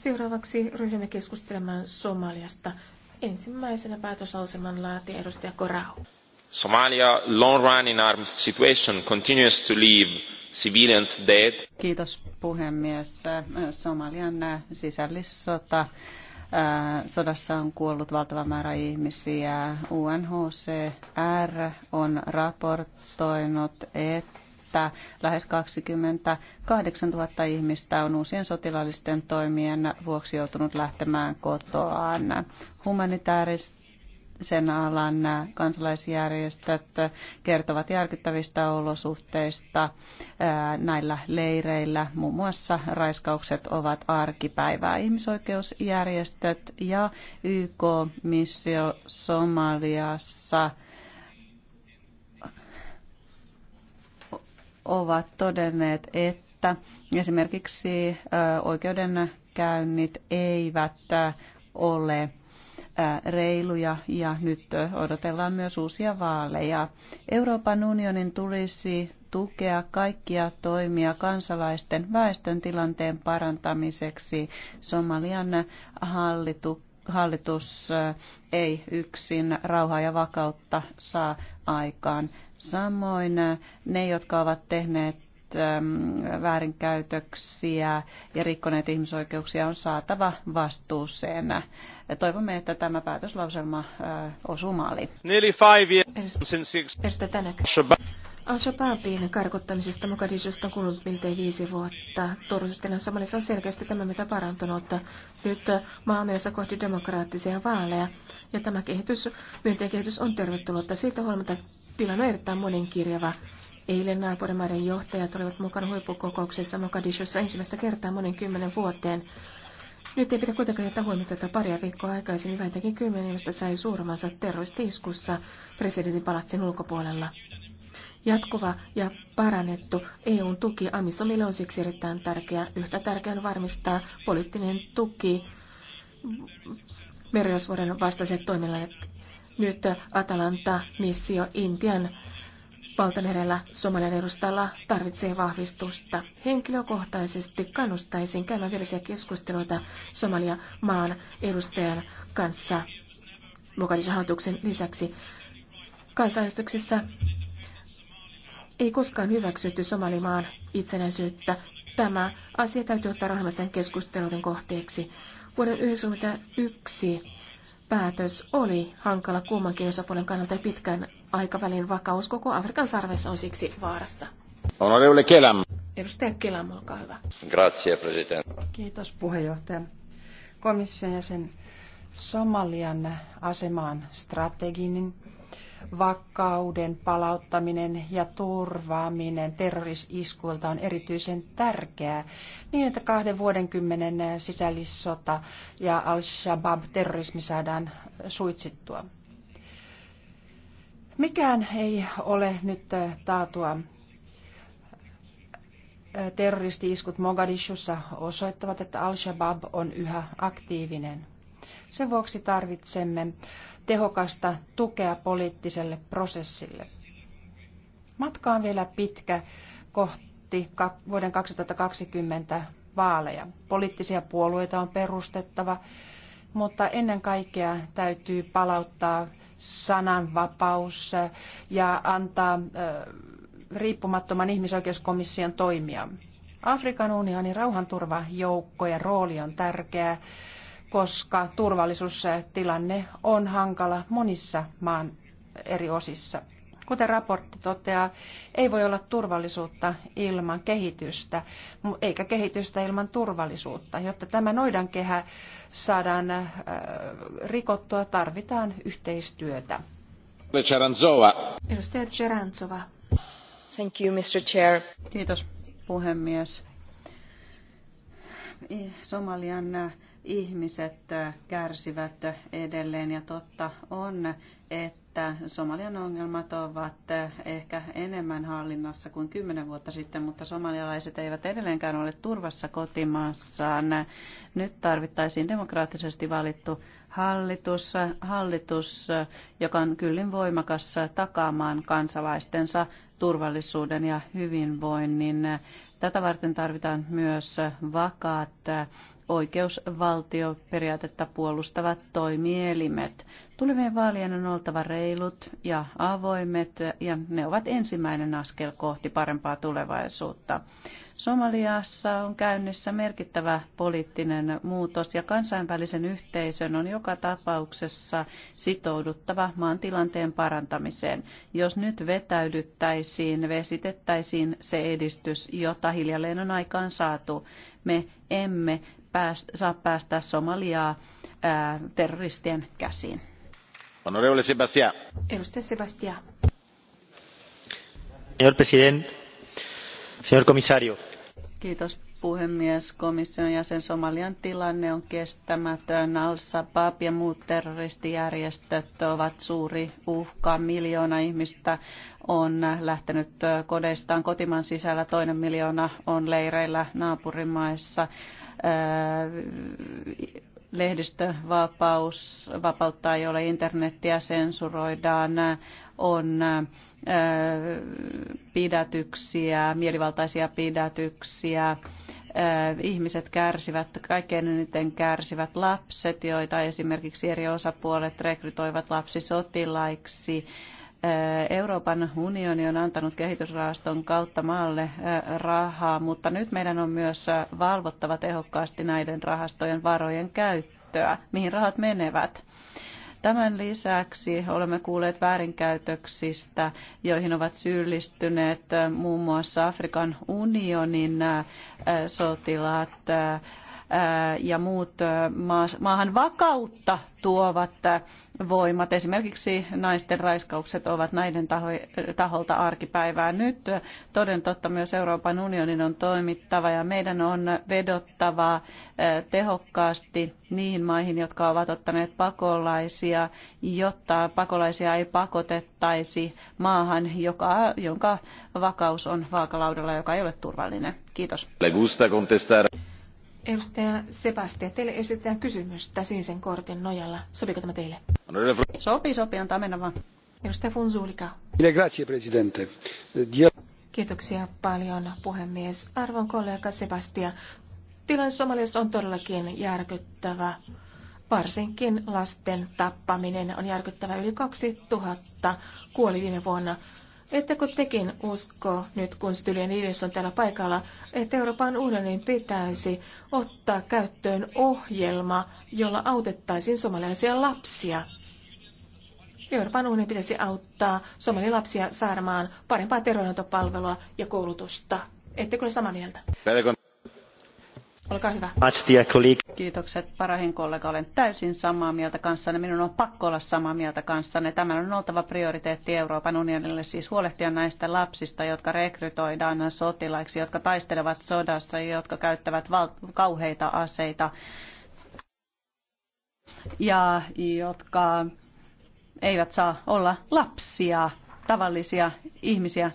Seuraavaksi ryhdymme keskustelemaan Somaliasta. Ensimmäisenä päätöslauselman laati edustaja Korau. Somalia long run in armed situation continues to leave civilians dead. Kiitos puhemies. Somalian sisällissota sodassa on kuollut valtava määrä ihmisiä. UNHCR on raportoinut, että että lähes 28 000 ihmistä on uusien sotilaallisten toimien vuoksi joutunut lähtemään kotoaan. Humanitaarisen alan kansalaisjärjestöt kertovat järkyttävistä olosuhteista näillä leireillä. Muun muassa raiskaukset ovat arkipäivää. Ihmisoikeusjärjestöt ja YK-missio Somaliassa – ovat todenneet, että esimerkiksi oikeudenkäynnit eivät ole reiluja ja nyt odotellaan myös uusia vaaleja. Euroopan unionin tulisi tukea kaikkia toimia kansalaisten väestön tilanteen parantamiseksi. Somalian hallitus hallitus eh, ei yksin rauhaa ja vakautta saa aikaan. Samoin eh, ne, jotka ovat tehneet ehm, väärinkäytöksiä ja rikkoneet ihmisoikeuksia on saatava vastuuseen. Toivomme, että tämä päätöslauselma eh, osuu maaliin. Al-Shabaabin karkottamisesta Mogadishusta on kulunut miltei viisi vuotta. Turvallisuustilanne Somalissa on selkeästi tämä mitä parantunut. Nyt maa menossa kohti demokraattisia vaaleja. Ja tämä kehitys, myönteinen kehitys on tervetullutta. Siitä huolimatta tilanne on erittäin monenkirjava. Eilen naapurimaiden johtajat olivat mukana huippukokouksessa Mogadishussa ensimmäistä kertaa monen kymmenen vuoteen. Nyt ei pidä kuitenkaan jättää huomiota, että paria viikkoa aikaisemmin vähintäänkin kymmenen ihmistä sai surmansa terroristi-iskussa presidentin palatsin ulkopuolella. Jatkuva ja parannettu EUn tuki Amisomille on siksi erittäin tärkeää. Yhtä tärkeää on varmistaa poliittinen tuki merirosvuoden vastaiset toiminnalle. Nyt Atalanta-missio Intian valtamerellä Somalian edustalla tarvitsee vahvistusta. Henkilökohtaisesti kannustaisin käymään virallisia keskusteluita Somalia maan edustajan kanssa Mogadishan hallituksen lisäksi. Kansanäänestyksessä ei koskaan hyväksytty Somalimaan itsenäisyyttä. Tämä asia täytyy ottaa rahmasten keskusteluiden kohteeksi. Vuoden 1991 päätös oli hankala kummankin osapuolen kannalta ja pitkän aikavälin vakaus koko Afrikan sarvessa on siksi vaarassa. Honorable Kelam. Edustaja Kelam, olkaa hyvä. Grazie, president. Kiitos puheenjohtaja. Komission jäsen Somalian asemaan strateginen vakauden palauttaminen ja turvaaminen terrorisiskuilta on erityisen tärkeää, niin että kahden vuodenkymmenen sisällissota ja al-Shabaab-terrorismi saadaan suitsittua. Mikään ei ole nyt äh, taatua äh, terroristi-iskut Mogadishussa osoittavat, että Al-Shabaab on yhä aktiivinen. Sen vuoksi tarvitsemme tehokasta tukea poliittiselle prosessille. Matka on vielä pitkä kohti vuoden 2020 vaaleja. Poliittisia puolueita on perustettava, mutta ennen kaikkea täytyy palauttaa sananvapaus ja antaa riippumattoman ihmisoikeuskomission toimia. Afrikan unionin rauhanturvajoukkojen rooli on tärkeä koska turvallisuustilanne on hankala monissa maan eri osissa. Kuten raportti toteaa, ei voi olla turvallisuutta ilman kehitystä, eikä kehitystä ilman turvallisuutta. Jotta tämä noidankehä saadaan äh, rikottua, tarvitaan yhteistyötä. Edustaja Ceranzova. Thank you, Mr. Chair. Kiitos, puhemies. Somalian äh, ihmiset äh, kärsivät edelleen ja totta on, että Somalian ongelmat ovat äh, ehkä enemmän hallinnassa kuin kymmenen vuotta sitten, mutta somalialaiset eivät edelleenkään ole turvassa kotimaassaan. Nyt tarvittaisiin demokraattisesti valittu hallitus, hallitus joka on kyllin voimakas takaamaan kansalaistensa turvallisuuden ja hyvinvoinnin. Tätä varten tarvitaan myös vakaat oikeusvaltioperiaatetta puolustavat toimielimet. Tulevien vaalien on oltava reilut ja avoimet ja ne ovat ensimmäinen askel kohti parempaa tulevaisuutta. Somaliassa on käynnissä merkittävä poliittinen muutos ja kansainvälisen yhteisön on joka tapauksessa sitouduttava maan tilanteen parantamiseen. Jos nyt vetäydyttäisiin, vesitettäisiin se edistys, jota hiljalleen on aikaan saatu. Me emme pääst, saa päästä Somaliaa ää, terroristien käsiin. Honorable Sebastián. Edustaja Sebastián. Señor presidente, Kiitos puhemies. Komission jäsen Somalian tilanne on kestämätön. Al-Shabaab ja muut terroristijärjestöt ovat suuri uhka. Miljoona ihmistä on lähtenyt kodeistaan kotimaan sisällä. Toinen miljoona on leireillä naapurimaissa öö, lehdistövapaus, vapautta ei ole, internettiä sensuroidaan, on pidätyksiä, mielivaltaisia pidätyksiä, ihmiset kärsivät, kaikkein eniten kärsivät lapset, joita esimerkiksi eri osapuolet rekrytoivat lapsisotilaiksi, Euroopan unioni on antanut kehitysrahaston kautta maalle rahaa, mutta nyt meidän on myös valvottava tehokkaasti näiden rahastojen varojen käyttöä, mihin rahat menevät. Tämän lisäksi olemme kuulleet väärinkäytöksistä, joihin ovat syyllistyneet muun muassa Afrikan unionin sotilaat ja muut maahan vakautta tuovat voimat. Esimerkiksi naisten raiskaukset ovat näiden taholta arkipäivää. Nyt toden totta myös Euroopan unionin on toimittava ja meidän on vedottava tehokkaasti niihin maihin, jotka ovat ottaneet pakolaisia, jotta pakolaisia ei pakotettaisi maahan, joka, jonka vakaus on vaakalaudalla, joka ei ole turvallinen. Kiitos. Edustaja Sebastia, teille esitetään kysymystä sinisen kortin nojalla. Sopiko tämä teille? Sopii, sopii, antaa mennä vaan. Edustaja Funzulika. Grazie, presidente. Kiitoksia paljon, puhemies. Arvon kollega Sebastian. tilanne Somaliassa on todellakin järkyttävä. Varsinkin lasten tappaminen on järkyttävä. Yli 2000 kuoli viime vuonna Ettekö tekin usko, nyt kun Stylian Nilis on täällä paikalla, että Euroopan unionin pitäisi ottaa käyttöön ohjelma, jolla autettaisiin somalialaisia lapsia? Euroopan unionin pitäisi auttaa somalilapsia saamaan parempaa terveydenhoitopalvelua ja koulutusta. Ettekö ole samaa mieltä? Olkaa hyvä. Kiitokset parahin kollega. Olen täysin samaa mieltä kanssanne. Minun on pakko olla samaa mieltä kanssanne. Tämän on oltava prioriteetti Euroopan unionille, siis huolehtia näistä lapsista, jotka rekrytoidaan sotilaiksi, jotka taistelevat sodassa ja jotka käyttävät val- kauheita aseita ja jotka eivät saa olla lapsia, tavallisia ihmisiä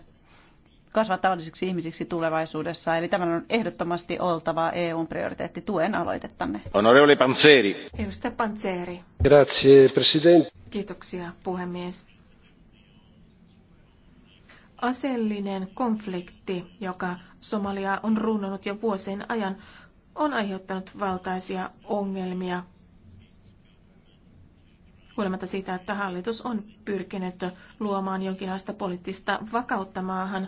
kasvaa tavallisiksi ihmisiksi tulevaisuudessa. Eli tämän on ehdottomasti oltava EUn prioriteetti. Tuen aloitettanne. Onorevoli Panzeri. Edustaja Panzeri. Grazie, president. Kiitoksia, puhemies. Aseellinen konflikti, joka Somalia on runnonut jo vuosien ajan, on aiheuttanut valtaisia ongelmia huolimatta siitä, että hallitus on pyrkinyt luomaan jonkinlaista poliittista vakautta maahan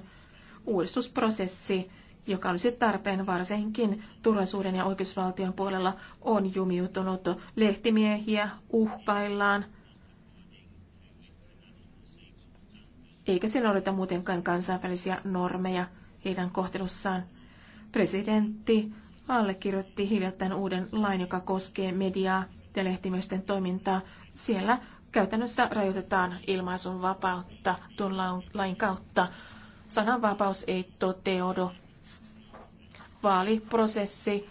uudistusprosessi, joka olisi tarpeen varsinkin turvallisuuden ja oikeusvaltion puolella, on jumiutunut. Lehtimiehiä uhkaillaan, eikä se noudata muutenkaan kansainvälisiä normeja heidän kohtelussaan. Presidentti allekirjoitti hiljattain uuden lain, joka koskee mediaa ja lehtimiesten toimintaa. Siellä käytännössä rajoitetaan ilmaisun vapautta tuon lain kautta sananvapaus ei toteudu. Vaaliprosessi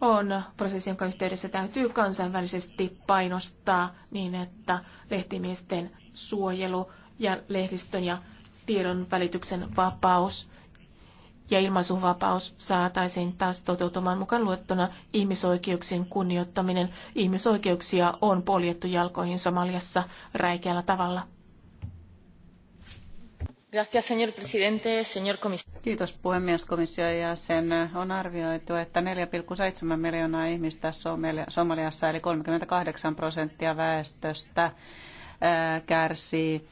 on prosessi, jonka yhteydessä täytyy kansainvälisesti painostaa niin, että lehtimiesten suojelu ja lehdistön ja tiedon välityksen vapaus ja ilmaisuvapaus saataisiin taas toteutumaan mukaan luettuna ihmisoikeuksien kunnioittaminen. Ihmisoikeuksia on poljettu jalkoihin Somaliassa räikeällä tavalla señor presidente, señor comisario. Kiitos puhemies komission jäsen. On arvioitu, että seitsemän miljoonaa ihmistä Somaliassa eli 38 prosenttia väestöstä kärsii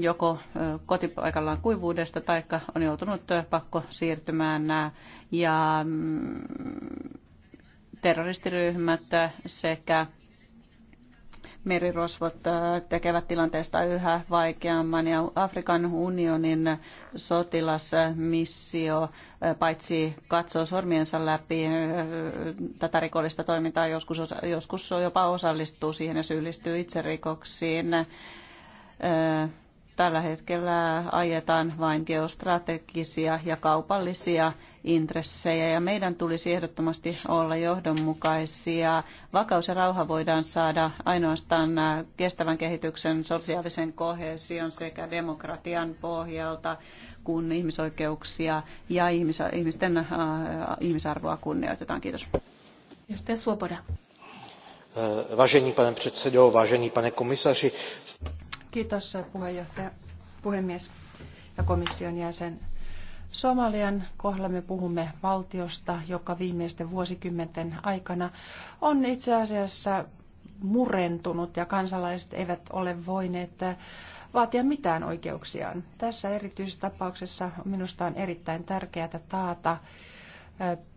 joko kotipaikallaan kuivuudesta tai on joutunut pakko siirtymään ja mm, terroristiryhmät sekä merirosvot äh, tekevät tilanteesta yhä vaikeamman ja Afrikan unionin sotilasmissio äh, paitsi katsoo sormiensa läpi äh, tätä rikollista toimintaa, joskus, joskus jopa osallistuu siihen ja syyllistyy itse rikoksiin tällä hetkellä ajetaan vain geostrategisia ja kaupallisia intressejä ja meidän tulisi ehdottomasti olla johdonmukaisia. Vakaus ja rauha voidaan saada ainoastaan kestävän kehityksen, sosiaalisen kohesion sekä demokratian pohjalta, kun ihmisoikeuksia ja ihmisten äh, ihmisarvoa kunnioitetaan. Kiitos. Edustaja äh, Vážený pane předsedo, vážený pane komisaři. Kiitos puheenjohtaja, puhemies ja komission jäsen. Somalian kohdalla me puhumme valtiosta, joka viimeisten vuosikymmenten aikana on itse asiassa murentunut ja kansalaiset eivät ole voineet vaatia mitään oikeuksiaan. Tässä erityistapauksessa minusta on erittäin tärkeää taata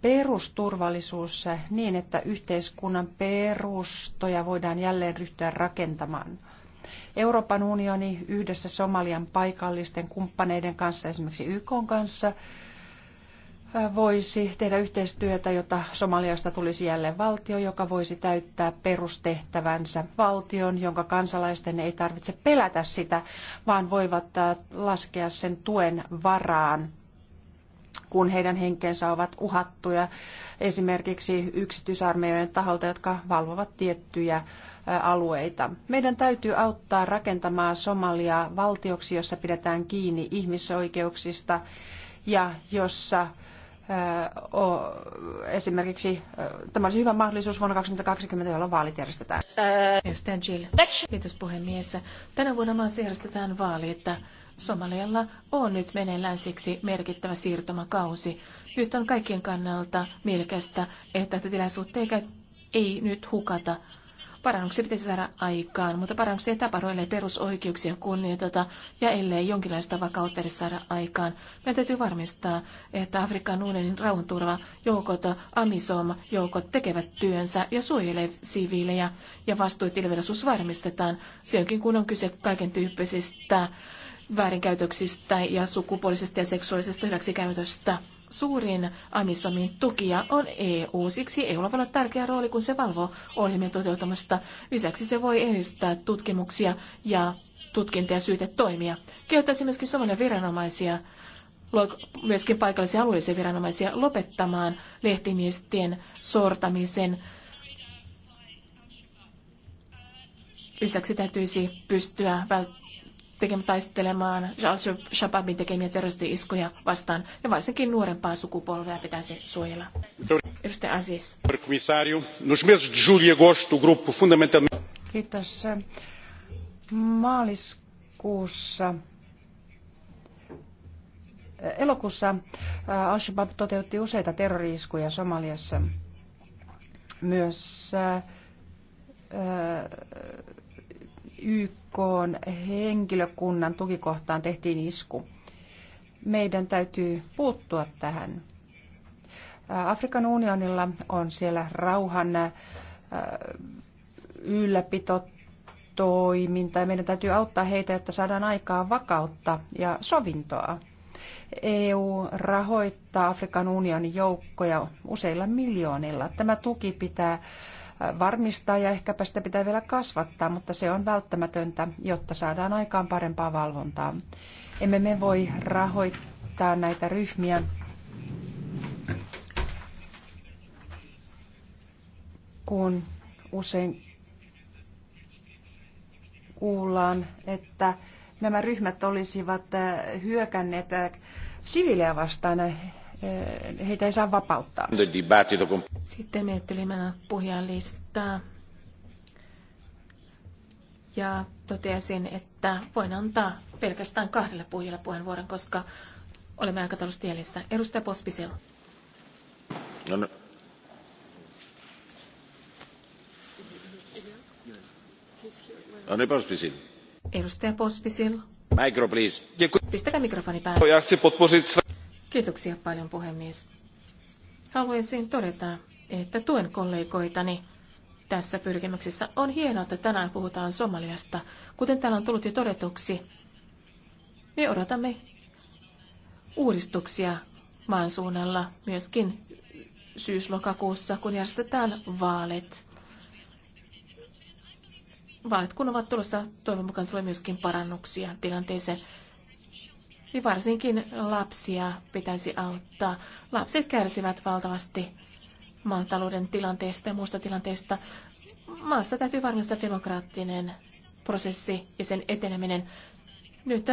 perusturvallisuus niin, että yhteiskunnan perustoja voidaan jälleen ryhtyä rakentamaan – Euroopan unioni yhdessä Somalian paikallisten kumppaneiden kanssa, esimerkiksi YK kanssa, äh, voisi tehdä yhteistyötä, jotta Somaliasta tulisi jälleen valtio, joka voisi täyttää perustehtävänsä valtion, jonka kansalaisten ei tarvitse pelätä sitä, vaan voivat äh, laskea sen tuen varaan kun heidän henkensä ovat uhattuja esimerkiksi yksityisarmeijojen taholta, jotka valvovat tiettyjä alueita. Meidän täytyy auttaa rakentamaan Somaliaa valtioksi, jossa pidetään kiinni ihmisoikeuksista ja jossa esimerkiksi tämä olisi hyvä mahdollisuus vuonna 2020, jolloin vaalit järjestetään. Kiitos puhemies. Tänä vuonna maassa järjestetään vaali, että Somalialla on nyt meneillään siksi merkittävä siirtymäkausi. Nyt on kaikkien kannalta mielekästä, että tätä tilaisuutta ei, ei nyt hukata. Parannuksia pitäisi saada aikaan, mutta parannuksia ei tapahdu, ellei perusoikeuksia kunnioiteta ja ellei jonkinlaista vakautta edes saada aikaan. Meidän täytyy varmistaa, että Afrikan unionin rauhanturvajoukot, Amisom-joukot tekevät työnsä ja suojelee siviilejä ja vastuutilvellisuus varmistetaan onkin kun on kyse kaiken tyyppisistä väärinkäytöksistä ja sukupuolisesta ja seksuaalisesta hyväksikäytöstä suurin Amisomin tukija on EU. Siksi EUlla voi olla tärkeä rooli, kun se valvoo ohjelmien toteutumista. Lisäksi se voi edistää tutkimuksia ja tutkinta- ja syytetoimia. Kehottaisi myöskin Somalian viranomaisia, myöskin paikallisia alueellisia viranomaisia lopettamaan lehtimiestien sortamisen. Lisäksi täytyisi pystyä välttämään taistelemaan Al-Shabaabin tekemiä terroristi-iskuja vastaan, ja varsinkin nuorempaa sukupolvea pitäisi suojella. Edustaja Aziz. E Kiitos. Maaliskuussa Elokuussa äh, Al-Shabaab toteutti useita terroriiskuja Somaliassa. Myös äh, äh, YK YKn henkilökunnan tukikohtaan tehtiin isku. Meidän täytyy puuttua tähän. Afrikan unionilla on siellä rauhan ylläpito toiminta ja meidän täytyy auttaa heitä, että saadaan aikaa vakautta ja sovintoa. EU rahoittaa Afrikan unionin joukkoja useilla miljoonilla. Tämä tuki pitää varmistaa ja ehkäpä sitä pitää vielä kasvattaa, mutta se on välttämätöntä, jotta saadaan aikaan parempaa valvontaa. Emme me voi rahoittaa näitä ryhmiä kun usein kuullaan, että nämä ryhmät olisivat hyökänneet siviilejä vastaan heitä ei saa vapauttaa. Sitten me puhujan listaa. Ja toteaisin, että voin antaa pelkästään kahdelle puhujalle puheenvuoron, koska olemme aikataulusti jäljessä. Edustaja Pospisil. No, no. Edustaja Pospisil. Mikro, please. Pistäkää mikrofoni päälle. chci podpořit své... Kiitoksia paljon puhemies. Haluaisin todeta, että tuen kollegoitani tässä pyrkimyksessä. On hienoa, että tänään puhutaan Somaliasta. Kuten täällä on tullut jo todetuksi, me odotamme uudistuksia maan suunnalla myöskin syyslokakuussa, kun järjestetään vaalit. Vaalit kun ovat tulossa, toivon mukaan tulee myöskin parannuksia tilanteeseen niin varsinkin lapsia pitäisi auttaa. Lapset kärsivät valtavasti maan talouden tilanteesta ja muusta tilanteesta. Maassa täytyy varmistaa demokraattinen prosessi ja sen eteneminen. Nyt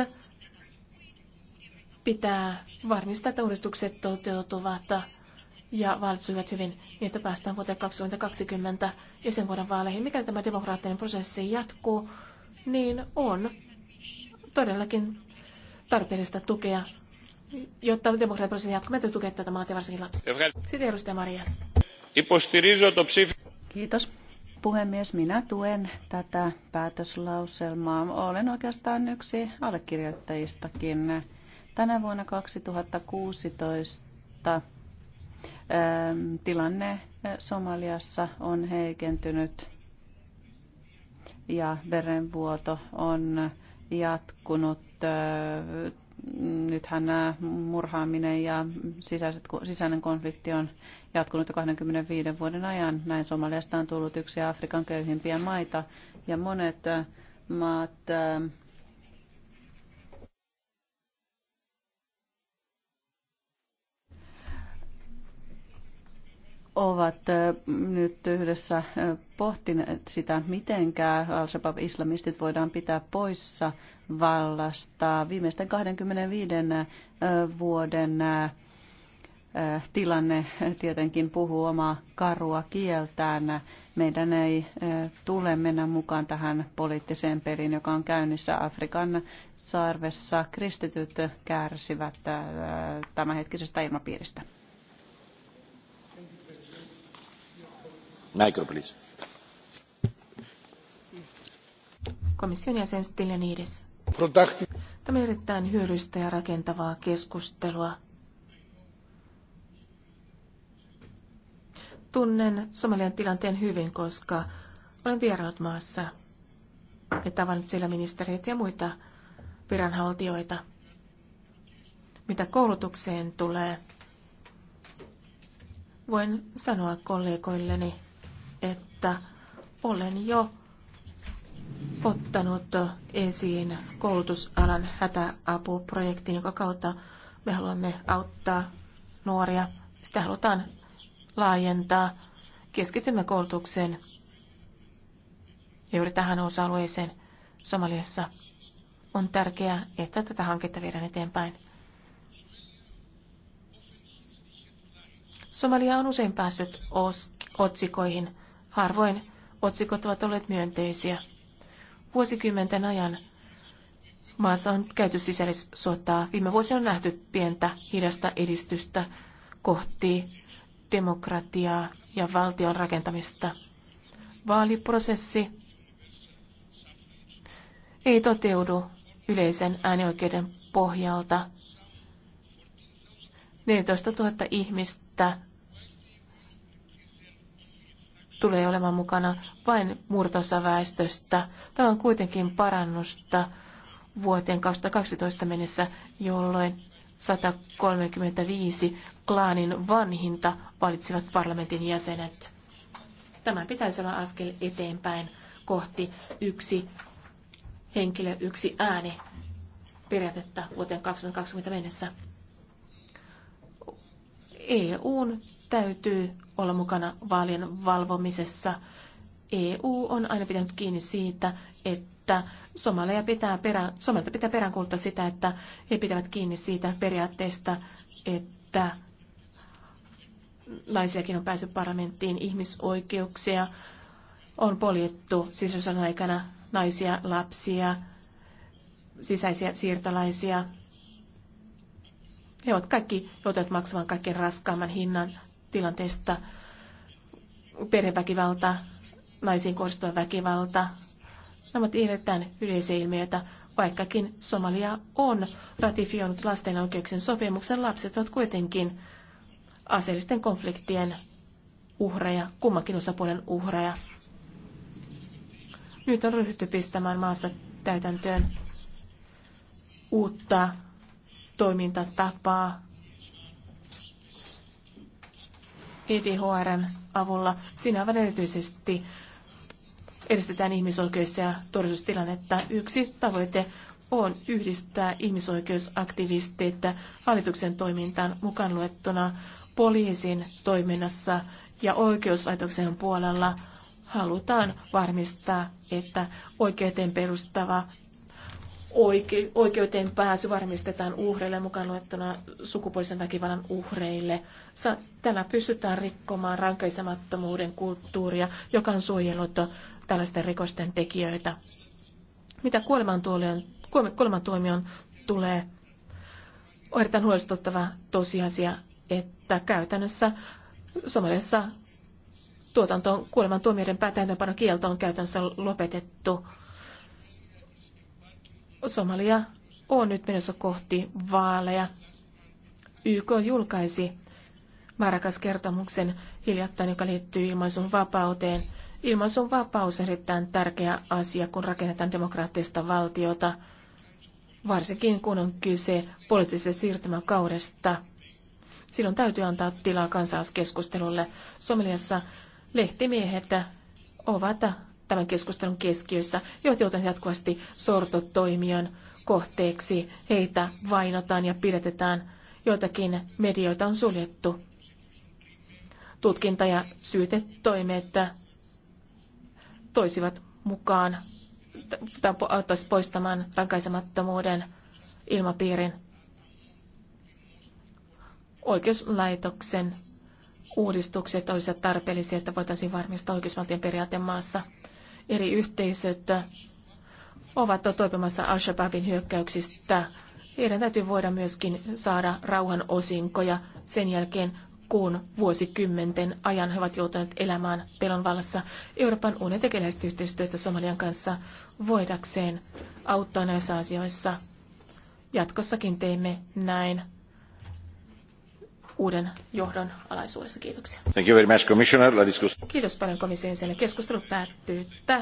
pitää varmistaa, että uudistukset toteutuvat ja valitsivat hyvin niin, että päästään vuoteen 2020 ja sen vuoden vaaleihin. Mikäli tämä demokraattinen prosessi jatkuu, niin on todellakin tarpeellista tukea, jotta demokratiaprosessin jatkuu. Meitä tukea tätä maata ja varsinkin lapsia. Sitten edustaja Marias. Kiitos puhemies, minä tuen tätä päätöslauselmaa. Olen oikeastaan yksi allekirjoittajistakin. Tänä vuonna 2016 ähm, tilanne äh, Somaliassa on heikentynyt ja verenvuoto on jatkunut Mm, nythän nämä äh, murhaaminen ja sisäiset, sisäinen konflikti on jatkunut jo 25 vuoden ajan. Näin Somaliasta on tullut yksi Afrikan köyhimpiä maita ja monet äh, maat äh, ovat nyt yhdessä pohtineet sitä, mitenkä Al-Shabaab-islamistit voidaan pitää poissa vallasta. Viimeisten 25 vuoden tilanne tietenkin puhuu omaa karua kieltään. Meidän ei tule mennä mukaan tähän poliittiseen peliin, joka on käynnissä Afrikan saarvessa. Kristityt kärsivät tämänhetkisestä ilmapiiristä. Komission jäsen Stylianides. Tämä on erittäin hyödyllistä ja rakentavaa keskustelua. Tunnen Somalian tilanteen hyvin, koska olen vieraillut maassa ja tavannut siellä ministereitä ja muita viranhaltijoita. Mitä koulutukseen tulee, voin sanoa kollegoilleni, että olen jo ottanut esiin koulutusalan hätäapuprojektin, joka kautta me haluamme auttaa nuoria. Sitä halutaan laajentaa. Keskitymme koulutukseen juuri tähän osa-alueeseen Somaliassa. On tärkeää, että tätä hanketta viedään eteenpäin. Somalia on usein päässyt otsikoihin Harvoin otsikot ovat olleet myönteisiä. Vuosikymmenten ajan maassa on käyty sisällissotaa. Viime vuosina on nähty pientä hidasta edistystä kohti demokratiaa ja valtion rakentamista. Vaaliprosessi ei toteudu yleisen äänioikeuden pohjalta. 14 000 ihmistä tulee olemaan mukana vain murtosa väestöstä. Tämä on kuitenkin parannusta vuoteen 2012 mennessä, jolloin 135 klaanin vanhinta valitsivat parlamentin jäsenet. Tämä pitäisi olla askel eteenpäin kohti yksi henkilö, yksi ääni periaatetta vuoteen 2020 mennessä. EUn täytyy olla mukana vaalien valvomisessa. EU on aina pitänyt kiinni siitä, että Somalia pitää perä, Somalta pitää peräänkuuluttaa sitä, että he pitävät kiinni siitä periaatteesta, että naisiakin on päässyt parlamenttiin, ihmisoikeuksia on poljettu sisäsodan aikana, naisia, lapsia, sisäisiä siirtolaisia, he ovat kaikki joutuneet maksamaan kaikkein raskaamman hinnan tilanteesta. Perheväkivalta, naisiin kohdistuva väkivalta. Nämä ovat erittäin yleisiä ilmiöitä, vaikkakin Somalia on ratifioinut lasten oikeuksien sopimuksen. Lapset ovat kuitenkin aseellisten konfliktien uhreja, kummankin osapuolen uhreja. Nyt on ryhdytty pistämään maassa täytäntöön uutta toimintatapaa EDHRn avulla. Siinä aivan erityisesti edistetään ihmisoikeus- ja turvallisuustilannetta. Yksi tavoite on yhdistää ihmisoikeusaktivisteita hallituksen toimintaan mukaan luettuna poliisin toiminnassa ja oikeuslaitoksen puolella halutaan varmistaa, että oikeuteen perustava oike- oikeuteen pääsy varmistetaan uhreille mukaan luettuna sukupuolisen väkivallan uhreille. Sa- tällä pystytään rikkomaan rankaisemattomuuden kulttuuria, joka on suojellut tällaisten rikosten tekijöitä. Mitä kuolemantuomioon, tulee, on erittäin huolestuttava tosiasia, että käytännössä Somaliassa tuotantoon kuolemantuomioiden päätäntöönpanon kielto on käytännössä lopetettu Somalia on nyt menossa kohti vaaleja. YK julkaisi määräkäs kertomuksen hiljattain, joka liittyy ilmaisun vapauteen. Ilmaisun vapaus on erittäin tärkeä asia, kun rakennetaan demokraattista valtiota, varsinkin kun on kyse poliittisesta siirtymäkaudesta. Silloin täytyy antaa tilaa kansalaiskeskustelulle. Somaliassa lehtimiehet ovat tämän keskustelun keskiössä, joita joutuvat jatkuvasti sortotoimijan kohteeksi. Heitä vainotaan ja pidetetään. Joitakin medioita on suljettu. Tutkinta- ja syytetoimet toisivat mukaan auttaisi poistamaan rankaisemattomuuden ilmapiirin oikeuslaitoksen uudistukset olisivat tarpeellisia, että voitaisiin varmistaa oikeusvaltion periaate maassa eri yhteisöt ovat toipumassa Al-Shabaabin hyökkäyksistä. Heidän täytyy voida myöskin saada rauhan osinkoja sen jälkeen, kun vuosikymmenten ajan he ovat joutuneet elämään pelon vallassa. Euroopan unioni tekee yhteistyötä Somalian kanssa voidakseen auttaa näissä asioissa. Jatkossakin teemme näin uuden johdon alaisuudessa. Kiitoksia. Thank you very much, Commissioner. Kiitos paljon komission Keskustelu päättyy tähän.